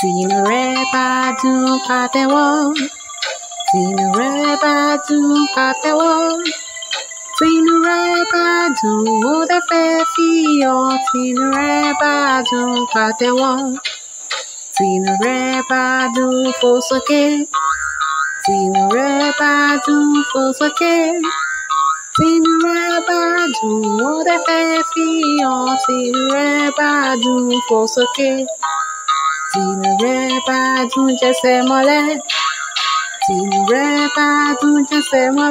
Tinere badum patewo. Tinere badum patewo. Tinere badum o de fefio. Tinere badum patewo. Tinere badum fosoke. Tinere badum fosoke. Tinere badum o de fefio. Tinere badum fosoke. Tu ne veux pas tout, je sais moi Tu ne veux pas tout, je sais moi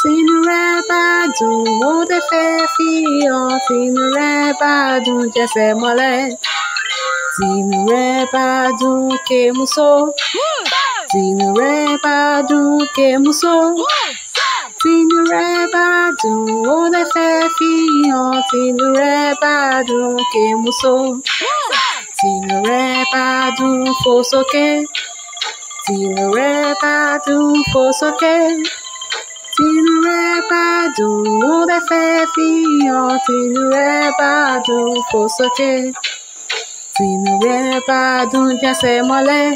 Tu ne veux pas tout, on te fait fier. Tu ne veux pas tout, je sais moi Tu ne veux pas tout, que Tu ne veux pas tout, que mousseau. Tinure o de fe fi, o tinure badu, ke muso. Tìnú rẹ bá dún fò sókè. Tìnú rẹ bá dún fò sókè. Tìnú rẹ bá dùn ó lè fẹ́ fi hàn. Tìnú rẹ bá dùn fò sókè. Tìnú rẹ bá dùn jẹ́sẹ̀ mọ́lẹ̀.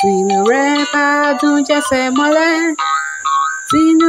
Tìnú rẹ bá dùn jẹ́sẹ̀ mọ́lẹ̀. Tìnú